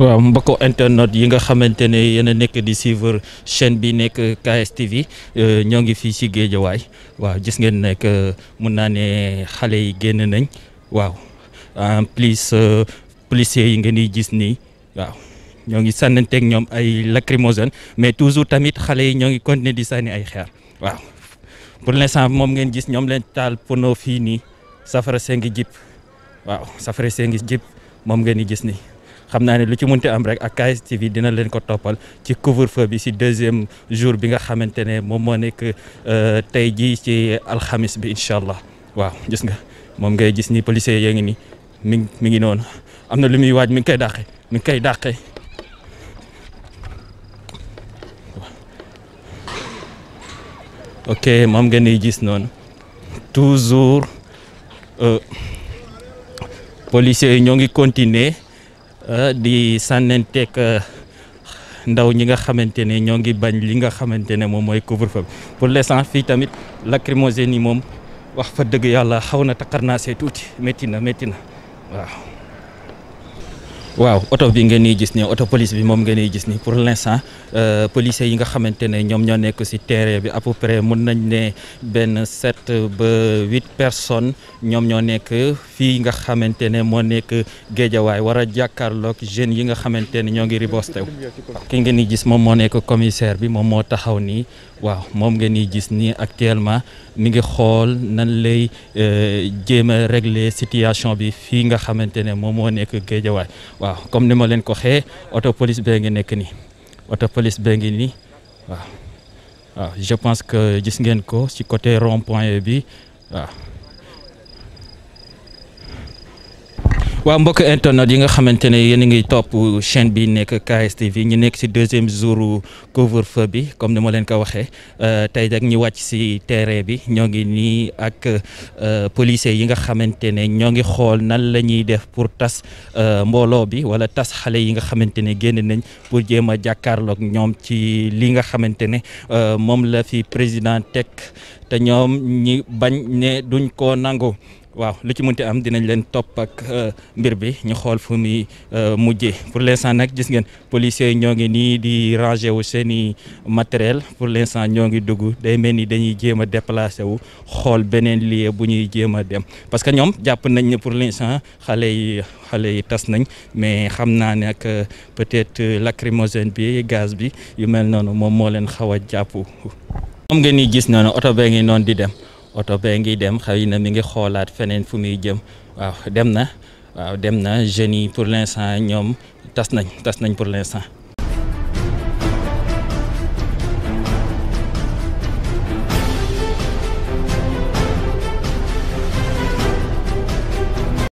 waaw mbokku internet yi nga xamante ne yéen a nekk di suivre chaîne bi nekk KSTV euh, ñoo ngi fii ci Géejawaay waaw gis ngeen nekk euh, mun naa ne xale yi génn nañ waaw en plus euh, policiers yi ngeen di gis nii waaw ñoo ngi sànnanteeg ñoom ay lacrymogène mais toujours tamit xale yi ñoo ngi continuer di sànni ay xeer waaw pour l'instant moom ngeen gis ñoom leen taal pono fii nii safara see ngi jip waaw safara see ngi jip moom ngeen di gis nii. xam naa ne lu ci munti am rek ak KSTV dina leen ko toppal ci couvre-feu bi si deuxième jour bi nga xamante ne moom moo nekk euh, tey jii ci alxamis bi incha allah waaw gis nga moom ngay gis ni policier yaa ngi ni mi mi ngi noonu am na lu muy waaj mi ngi koy dàqe mi ngi koy dàqe ok moom nga ni gis noonu toujours euh, policiers yi ñoo ngi continuer Euh, di sànnenteeg euh, ndaw ñi nga xamante ne ñoo ngi bañ li nga xamante ne moom mooy couvre-feu pour l'instant fii tamit lacrymogène yi moom wax fa dëgg yàlla xaw na taqar naa see tuuti métti na métti na waaw. waaw oto bi ngeen di gis ni oto police bi moom ngeen di gis ni pour l'instant euh, policiers yi nga xamante ne ñoom ñoo nekk si terrain bi à peu près mën nañ ne benn sept ba huit personnes ñoom ñoo nekk fii nga xamante ne moo nekk géejawaay war a jàkkaarloog jeunes yi nga xamante ne ñoo ngi ribostew ki ngeen di gis moom moo nekk commissaire bi moom moo taxaw nii waaw moom ngeen di gis nii actuellement mi ngi xool nan lay euh, jéem a régler situation bi fii nga xamante ne moom moo nekk géejawaay waaw comme ni ma leen ko xee auto police bee ngi nekk nii auto police bee ngi nii waaw je pense que gis ngeen ko si côté rond point bi waaw waaw mbokk internet yi nga xamante ne yéen a ngi topp chaîne bi nekk KSTV ñu nekk si deuxième jour couvre feu bi comme ni ma leen ko waxee euh, tey nag ñu wàcc si terrain bi ñoo ngi nii ak euh, policiers yi nga xamante ne ñoo ngi xool nan la ñuy def pour tas euh, mbooloo bi wala tas xale yi nga xamante ne génn nañ pour jéem a jàkkaarloog ñoom ci li nga xamante ne moom la fi président tek te ñoom ñi bañ ne duñ ko nangu. waaw lu ci mun mënti am dinañ leen topp ak euh, mbir bi ñu xool fu muy euh, mujjee pour l'instant nag gis ngeen policiers ñoo ngi nii di ranger wu seen i matériel pour l'instant ñoo ngi dugg day mel ni dañuy jéem a déplacer wu xool beneen lieu bu ñuy jéem a dem parce que ñoom jàpp nañ ne pour l'instant xale yi xale yi tas nañ mais xam naa ne ak euh, peut-être lacrymogène bi gaz bi yu mel noonu moom moo leen xaw a jàpp moom ngeen ni gis noonu oto bee ngi noonu di dem oto bee ngi dem xëy na mi ngi xoolaat feneen fu muy jëm waaw dem na waaw dem na jeunes yi pour l'instant ñoom tas nañ tas nañ pour l'instant